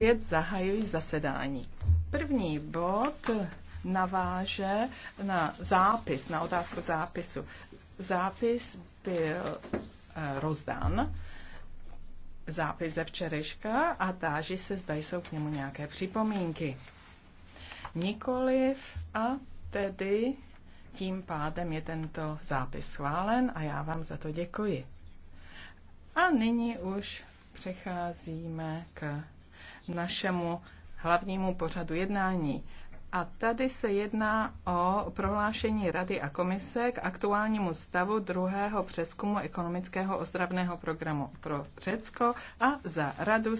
Opět zahajuji zasedání. První bod naváže na zápis, na otázku zápisu. Zápis byl eh, rozdán, zápis ze včerejška a táží se, zda jsou k němu nějaké připomínky. Nikoliv a tedy tím pádem je tento zápis schválen a já vám za to děkuji. A nyní už přecházíme k našemu hlavnímu pořadu jednání. A tady se jedná o prohlášení Rady a Komise k aktuálnímu stavu druhého přeskumu ekonomického ozdravného programu pro Řecko a za Radu